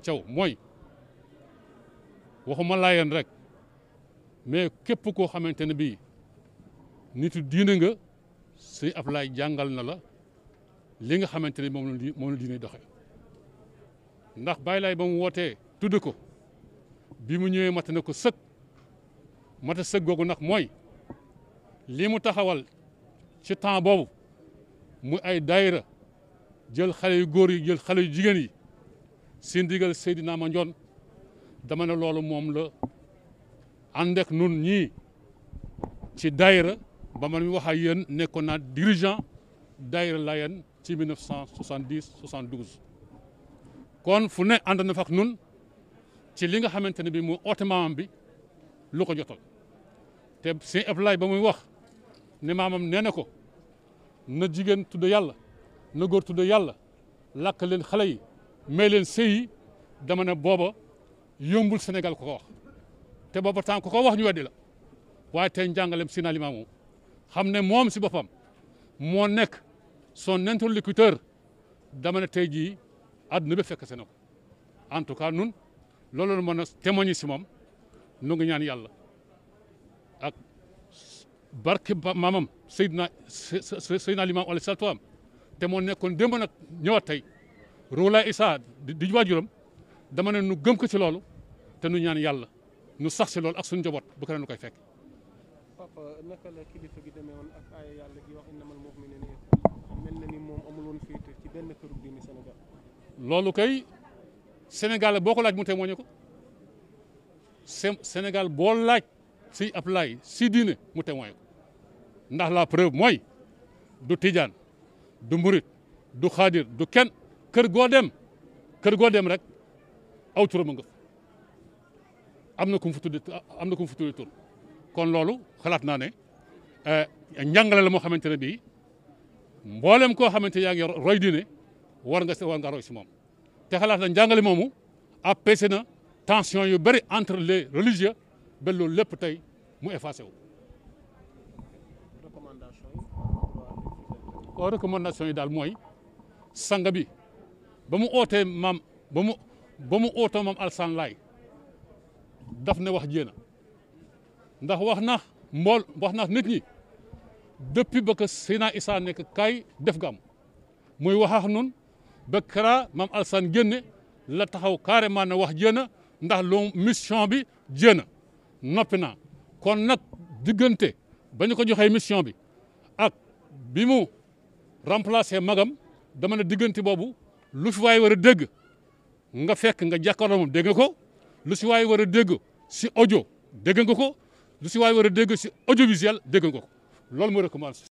Thiaw mooy waxuma laayeen rek mais képp koo xamante ne bii nitu diine nga sëñ Ablaye jàngal na la li nga xamante ne moom la moom la diine doxe ndax bàyyi laay ba mu wootee tudd ko bi mu ñëwee mat na ko sëg mata sëg googu nag mooy li mu taxawal ci temps boobu mu ay daayira jël xale yu góor yi jël xale yu jigéen yi si ndigal Seydina Mandione dama ne loolu moom la ànd ak nun ñii ci daayira ba man mi wax ak yéen nekkoon naa dirigeant daayira Layène ci 1970 72 kon fu ne ànd na fa ak nun ci li nga xamante ne bii mooy oote maamam bi lu ko jotal te sëñ Ablaye ba muy wax ne maamam nee na ko na jigéen tudd yàlla na góor tudd yàlla lakk leen xale yi. may leen sëyi dama ne booba yombul senegal ku te booba temps ku ko wax ñu weddi la waaye tey njàngalem Seydina Limaamu xam ne moom si boppam moo nekk soo interlocuteur dama ne tey jii àdduna bi fekk se na en tout cas nun loolu la mën a témoigner si moom nu ngi ñaan yàlla ak barke ba maamam Seydina na Limaamu alayhi salaatu wa salaam te moo nekkoon démb nag ñëwaat tey ruula Isa di waajuram dama ne nu gëm ko ci loolu te nu ñaan yàlla nu sax si loolu ak suñu njaboot bu ko ne nu koy fekk. papa naka mel na ni moom amul loolu kay Sénégal boo ko laaj mu témoigné ko Sénégal boo laaj si ab laay si diine mu témoigné ko ndax la preuve mooy du tijaan du murit du xaadir du kenn. kër goo dem kër goo dem rek aw turam a am na ku mu fa na ku tur kon loolu xalaat naa ne eh, njàngale la moo xamante ne bii mboolem koo xamante yaa ngi roy diine war nga war nga roy si moom te xalaat na njàngale moomu apaisé na tension yu bari entre les religieux ba loolu lépp tey mu effacé wu recommandation yi oh, daal mooy sanga bi ba mu mu ba mu ootoo maam alsan laay daf ne wax jéena ndax wax nax mbool wax nax nit ñi depuis ba ko Seydina Issa nekk kaay def gàmm muy waxaax nun ba kara maam alsan génne la taxaw carrément ne wax jéena ndax loo mission bi jéena noppi naa kon nag diggante ba ñu ko joxee mission bi ak bi mu remplacé magam dama ne diggante boobu lu fi waay war a dégg nga fekk nga jàkkaarloo moom dégg nga ko lu si waay war a dégg si audio dégg nga ko lu si waay war a dégg si audiovisuel dégg nga ko loolu mooy recommandé